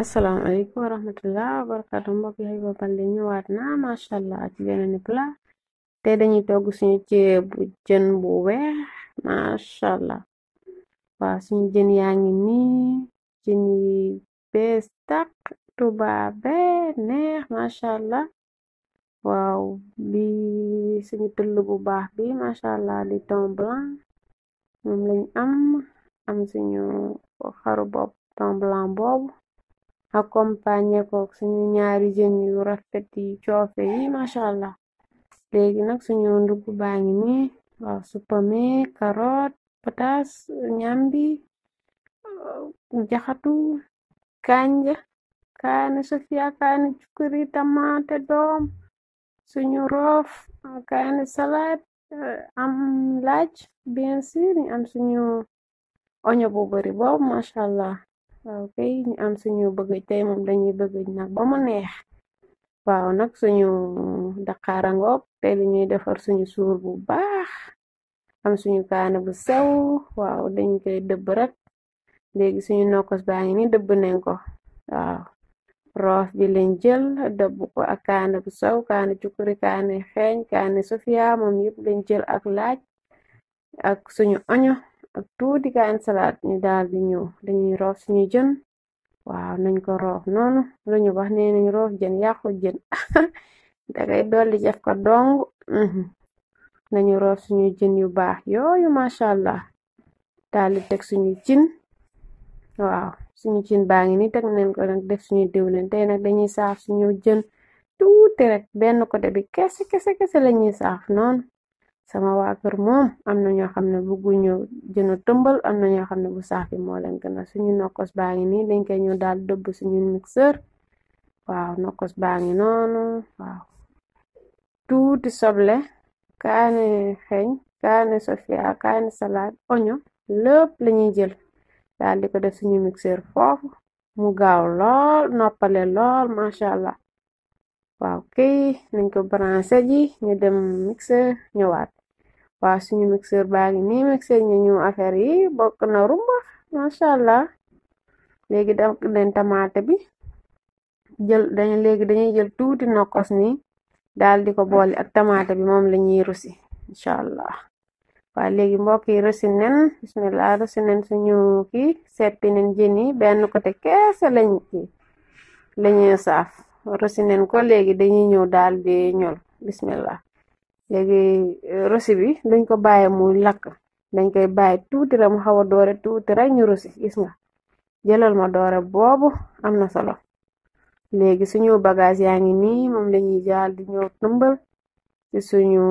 asalaamaaleykum wa rahmatullah wa barakatu mbokk yi Habiba Baldé ñëwaat na macha allah ci beneen plat te dañuy togg suñu ceebu jën bu weex macha allah waaw suñu jën yaa ngi nii jën yi bees tàq tubaabe neex macha allah waaw bi suñu tëll bu baax bi macha allah di thon blanc moom lañ am am suñu xaru bopp thon blanc boobu accompañe kook suñu ñaari jën yu rafet yi coofe yi machallah léegi nag suñu ndugg baa ngi ni waaw supame karot patas ñambi euh, jaxatu kanja kaane sofia kaane cukuri tamate doom suñu roof kaane salad euh, am laaj bien sûr ñu oño bu bari boobu machallah waaw kay am suñu bëgg tey moom dañuy bëgg nag ba mu neex waaw nag suñu daqaara ngoog tey dañuy defar suñu suur bu baax am suñu kaana bu sew waaw dañ koy dëbb rek léegi suñu nokkos baa ngi ni dëbb nañ ko waaw roof bi lañ jël dëbb ko ak kaana bu sew kaana cukuri kaana xeeñ kaana sofia moom yëpp lañ jël ak laaj ak suñu oño ak tuuti kaani salaat ñu daal di ñu dañuy roof suñu jën waaw nañ ko roof noonu luñu wax ne nañ roof jën yàqu jën dangay dolli def ko dong mhm. nañu roof suñu jën yu baax yooyu macha allah daal di teg suñu cin waaw suñu cin baa ngi ni teg nañ ko nag def suñu diwlin tey nag dañuy saaf suñu jën tuuti rek benn côté bi kese kese sama waa kër moom am na ñoo xam ne bugguñu jëna tëmbal am na ñoo xam ne bu saaf bi moo leen gën suñu nokkos baa ngi nii dañ koy ñu daal dëbb suñu mixeur waaw nokkos baa ngi noonu waaw tuuti soble kaani xeeñ kaani sofia kaani salade oignon lépp lañuy jël daal di ko def suñu mixeur foofu mu gaaw lool noppale lool macha allah waaw kay nañ ko ñu dem mixeur ñëwaat waaw suñu mixeur baa ngi ni mixeur ñu affaire yi bokk na rumba macha allah léegi def leen tamaate bi jël dañ léegi dañuy jël tuuti nokkos ni daal di ko boole ak tamaate bi moom la ñuy rusi allah waaw léegi mbokk yi rusi nen bismillah rusi nen suñu ki seppi nen jën benn côté keese lañ ki saaf rusi nen ko léegi dañuy ñëw daal di ñol bismillah léegi euh, rosi bi dañ ko bàyyi mu lakk dañ koy bàyyi tuuti mu xaw a doore tuuti rek ñu rosi gis nga jëlal ma doore boobu am na solo léegi suñu bagage yaa ngi nii moom lañuy jaal di ñëw tëmbal ci suñu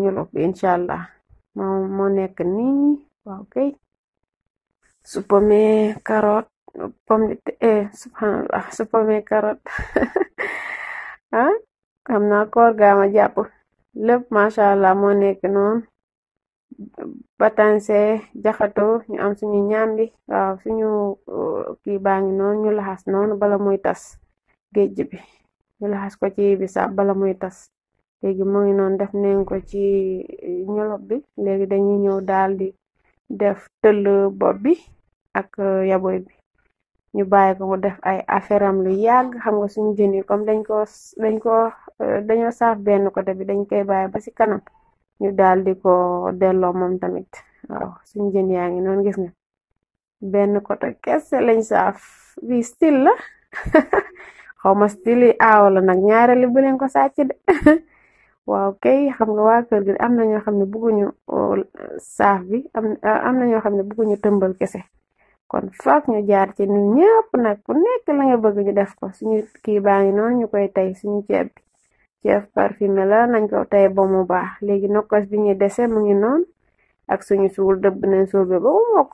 ñuluk bi incha allah moom moo nekk nii waaw karot supame carotte pomme de eh, ah, xam naa koor gaa ma jàpp lépp macha allah moo nekk noonu batanse jaxato ñu am suñu ñambi waaw suñu uh, kii baa ngi noonu ñu laxas noon bala muy tas géej bi ñu laxas ko ci bisaab bala muy tas léegi mu ngi noonu def nañ ko ci ñolob bi léegi dañuy ñëw daal di def tëll bo bi ak uh, yaboy bi ñu bàyyi ko mu def ay affaire am lu yàgg xam nga suñu jën yi comme dañ ko dañ ko dañoo saaf benn côté bi dañ koy bàyyi ba ci kanam ñu daal di ko delloo moom tamit waaw suñ jën yaa ngi noonu gis nga benn côté kese lañ saaf bi style la xaw ma style nag ñaareelu bu leen ko sàcc de waaw kay xam nga waa kër gi am na ñoo xam ne bëgguñu uh, saaf bi uh, am na ñoo xam ne bëgguñu tëmbal kese kon foog ñu jaar ci ñun ñëpp nag nekk la nga ñu def ko suñu kii baa ngi noonu ñu koy tey suñu ceeb ceeb parfumé la nañ ko tey ba mu baax léegi nokkos bi ñuy dese mu ngi noon ak suñu suul dëbb nañ suul bi ba mu mokk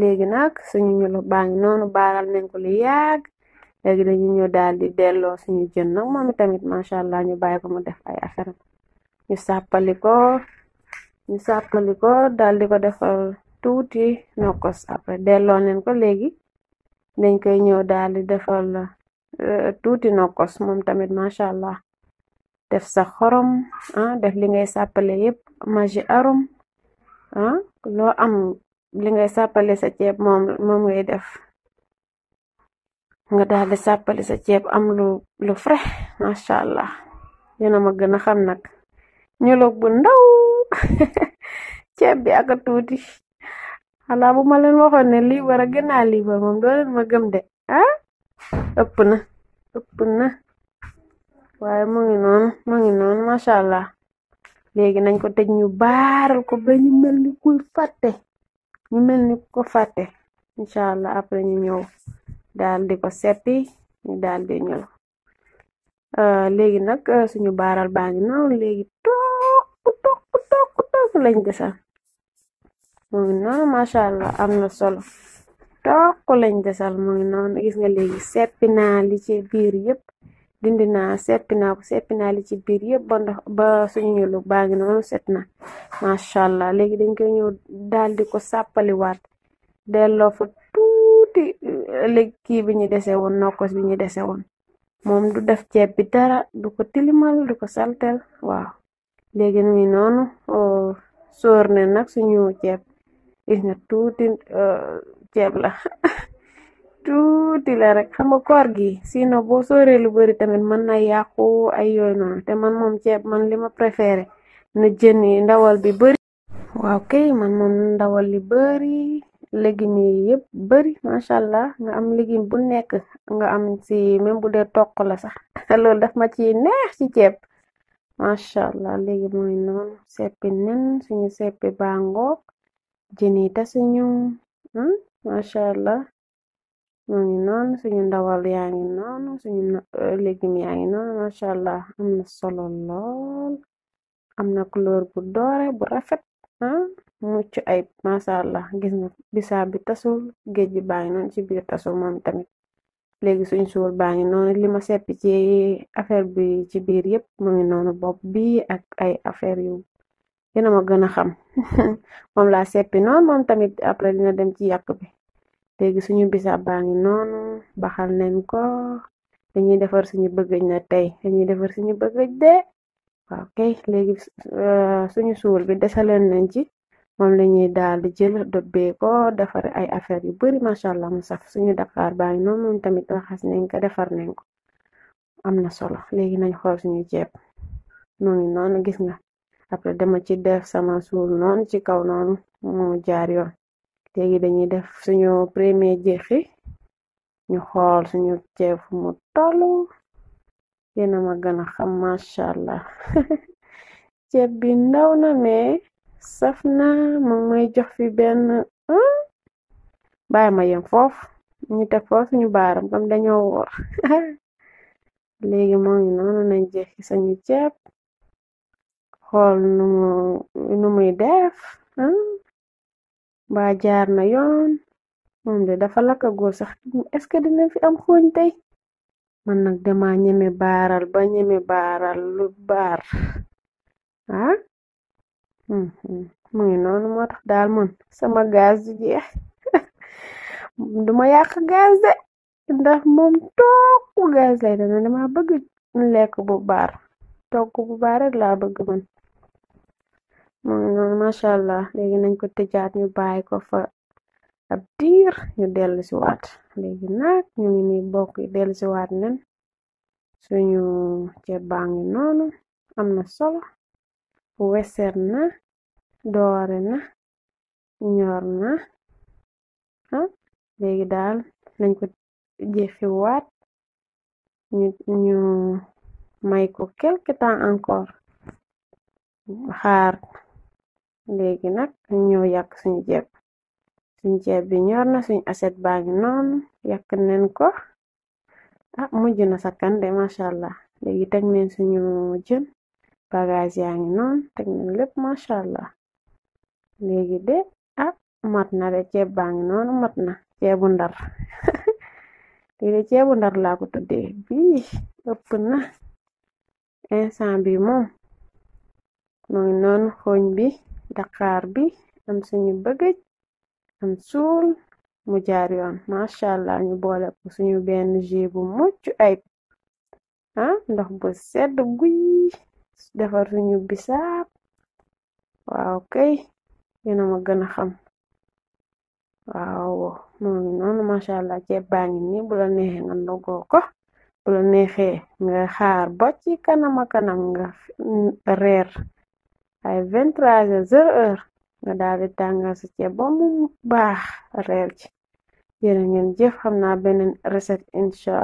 léegi nag suñu ñulo baa ngi noonu baaral nañ ko lu yàgg léegi dañu ñu daal di delloo suñu jën nag moom tamit macha allah ñu bàyyi ko mu def ay affaire ñu sàppali ko ñu sàppali ko daal di ko defal tuuti après delloo nañ ko léegi dañ koy ñëw daal di defal euh, tuuti nokkos moom tamit macha allah. def sa xorom ah, def li ngay sàppale yépp maji arum ah, loo am li ngay sàppale sa ceeb moom moom ngay def nga daal di sàppale sa ceeb am lu lu frais macha allah yéena ma gën a xam nag ñuloog bu ndaw ceeb bi aka tuuti xalaa bu ma leen waxoon ne liibar a gënaa liibar moom doo ma gëm de ah ëpp na na waaye mu ngi noonu mu ngi noonu macha allah léegi nañ ko tëj ñu baaral ko ba ñu mel ni kuy fàtte ñu mel ni ko fàtte incha allah après ñu ñëw daal di ko seppi ñu daal di ñëw euh, léegi nag euh, suñu baaral baa ngi noonu léegi toog toog toog toog lañ desal mu ngi noonu macha allah am na solo toog lañ desal mu ngi noonu gis nga léegi seppi naa li ci biir yëpp. dindi naa seppi naa ko seppi naa li ci biir yëpp ba ba suñu ñulu baa ngi noonu na macha allah léegi dañ koy ñëw daal di ko sàppaliwaat delloo fa tuuti léegi kii bi ñu dese woon nokkos bi ñu dese woon moom du def ceeb bi dara du ko tilimal du ko saltel waaw léegi nu ngi noonu oh, sóor ne nag suñu ceeb gis na tuuti oh, ceeb la tuuti la rek xam nga koor gi sinon bo sooree lu bëri tamit mën na yàqu ay yooyu noonu te man moom ceeb man li ma préféré na jën yi ndawal bi bëri waaw kay man moom ndawal li bëri légumes yi yëpp bëri macha allah nga am légume bu nekk nga am si même bu dee toq la sax loolu daf ma ci neex ci ceeb macha allah léegi mooy noonu seppi nen suñu seppi bàngoog jën yi tasuñu hmm, macha allah ñoo ngi noonu suñu ndawal yaa ngi noonu suñu légum yaa ngi noonu machallah am na solo lool am na couleur bu doore bu rafet ah, mucc ay machallah gis na bisaab bi tasul géej bi baa ngi noonu ci biir tasul moom tamit léegi suñ suur baa ngi noonu li ma seppi ci affaire bi ci biir yépp mu ngi noonu bopp bi ak ay affaire yu yena ma gën a xam moom laa seppi noonu moom tamit après dina dem ci yàq bi léegi suñu bisab baa ngi noonu baxal nañ ko dañuy defar suñu bëggëj na tey dañuy defar suñu bëggëj de waaw kay léegi euh, suñu suul bi desaleen nañ ci moom lañuy daal di jël dobbee ko defar ay affaire yu bari macha allah mu saf suñu dakaar baa ngi noonu moom tamit raxas nañ ko defar nañ ko am na solo léegi nañ xool suñu ceeb moo ngi noonu gis na après dama ci def sama suul noonu ci kaw noonu mu jaar yoon léegi dañuy def suñu premier jeexi ñu xool suñu ceeb fu tollu yéena ma gën a xam macha allah ceeb bi ndaw na mais saf na mu may jox fi benn ah, bàyyi ma yem foofu ñu teg foofu suñu baaram comme dañoo woor léegi moo ngi noonu nañ jeexi suñu ceeb xool nu muy def ah. mbaa jaar na yoon moom de dafa laka góor sax est-ce que dina fi am xooñ tey man nag dama ñeme baaral ba ñeme baaral lu baar ah mm-hmm. mu ngi noonu moo tax daal man sama gaz di jeex duma yàq gaz de ndax moom togg gaz lay dana dama bëgg lekk bu baar togg bu baar rek laa bëgg man mu ngi noonu macha allah léegi nañ ko tëjaat ñu bàyyi ko fa ab diir ñu dellu si waat léegi nag ñu ngi ni bokk dellu si nen suñu ceeb baa ngi noonu am na solo weser na doore na ñor na ah léegi daal nañ ko jëfi waat ñu ñu may ko quelque encore xaar léegi nag ñëw yàq suñu jeeb suñu jeeb bi ñor na suñu aset baa ngi noonu yàq neen ko ah mujj na sakkan de macha allah léegi teg neen suñu jën bagage yaa ngi noonu teg neen lépp macha allah léegi de ah mat na de ceeb baa ngi noonu mat na ceebu ndar lii de ceebu ndar laa ko tuddee bii ëpp na instant bi moom mu ngi xooñ bi Daqaar bi am suñu bëgëj am suul mu jaar yoon marshalla ñu boole ko suñu benn jus bu mucc ayb ah ndox bu sedd guy defar suñu bisaab waaw kay na ma gën a xam waaw moo ngi noonu mashallah ceeb baa ngi ni bu nga ndogoo ko bu la neexee nga xaar ba ci kanama kanam nga reer ay 23h nga daal di tàngal sa ceeb baax reer ci jërë ngeen jëf xam naa beneen recette incha